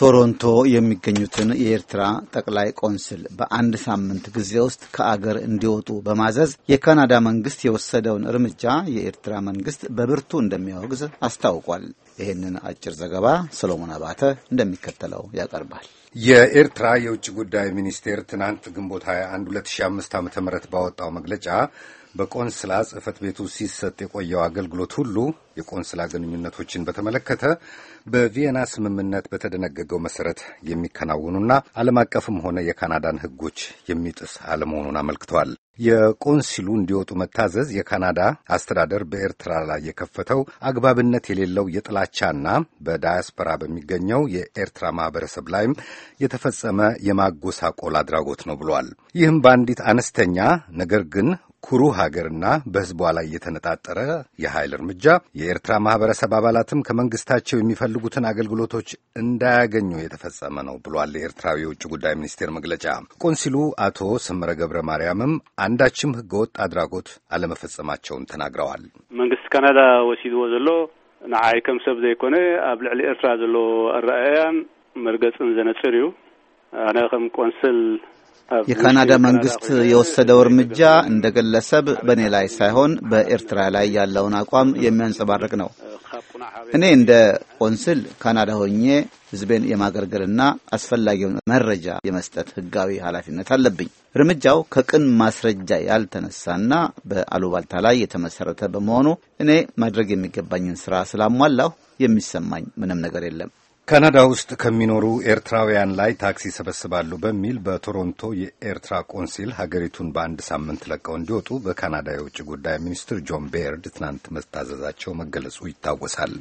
ቶሮንቶ የሚገኙትን የኤርትራ ጠቅላይ ቆንስል በአንድ ሳምንት ጊዜ ውስጥ ከአገር እንዲወጡ በማዘዝ የካናዳ መንግስት የወሰደውን እርምጃ የኤርትራ መንግስት በብርቱ እንደሚያወግዝ አስታውቋል። ይህንን አጭር ዘገባ ሰሎሞን አባተ እንደሚከተለው ያቀርባል። የኤርትራ የውጭ ጉዳይ ሚኒስቴር ትናንት ግንቦት 21 2005 ዓ ም ባወጣው መግለጫ በቆንስላ ጽህፈት ቤቱ ሲሰጥ የቆየው አገልግሎት ሁሉ የቆንስላ ግንኙነቶችን በተመለከተ በቪየና ስምምነት በተደነገገው መሰረት የሚከናውኑና ዓለም አቀፍም ሆነ የካናዳን ሕጎች የሚጥስ አለመሆኑን አመልክተዋል። የቆንሲሉ እንዲወጡ መታዘዝ የካናዳ አስተዳደር በኤርትራ ላይ የከፈተው አግባብነት የሌለው የጥላቻና በዳያስፖራ በሚገኘው የኤርትራ ማህበረሰብ ላይም የተፈጸመ የማጎሳቆል አድራጎት ነው ብሏል። ይህም በአንዲት አነስተኛ ነገር ግን ኩሩ ሀገርና በሕዝቧ ላይ የተነጣጠረ የኃይል እርምጃ የኤርትራ ማህበረሰብ አባላትም ከመንግስታቸው የሚፈልጉትን አገልግሎቶች እንዳያገኙ የተፈጸመ ነው ብሏል የኤርትራዊ የውጭ ጉዳይ ሚኒስቴር መግለጫ። ቆንሲሉ አቶ ስምረ ገብረ ማርያምም አንዳችም ህገወጥ አድራጎት አለመፈጸማቸውን ተናግረዋል። መንግስት ካናዳ ወሲድዎ ዘሎ ንዓይ ከም ሰብ ዘይኮነ ኣብ ልዕሊ ኤርትራ ዘሎ ኣረኣያን መርገፅን ዘነፅር እዩ ኣነ ከም ቆንስል የካናዳ መንግስት የወሰደው እርምጃ እንደ ግለሰብ በእኔ ላይ ሳይሆን በኤርትራ ላይ ያለውን አቋም የሚያንጸባርቅ ነው። እኔ እንደ ቆንስል ካናዳ ሆኜ ህዝቤን የማገልገልና አስፈላጊውን መረጃ የመስጠት ህጋዊ ኃላፊነት አለብኝ። እርምጃው ከቅን ማስረጃ ያልተነሳና በአሉባልታ ላይ የተመሰረተ በመሆኑ እኔ ማድረግ የሚገባኝን ስራ ስላሟላሁ የሚሰማኝ ምንም ነገር የለም። ካናዳ ውስጥ ከሚኖሩ ኤርትራውያን ላይ ታክስ ይሰበስባሉ በሚል በቶሮንቶ የኤርትራ ቆንሲል ሀገሪቱን በአንድ ሳምንት ለቀው እንዲወጡ በካናዳ የውጭ ጉዳይ ሚኒስትር ጆን ቤርድ ትናንት መታዘዛቸው መገለጹ ይታወሳል።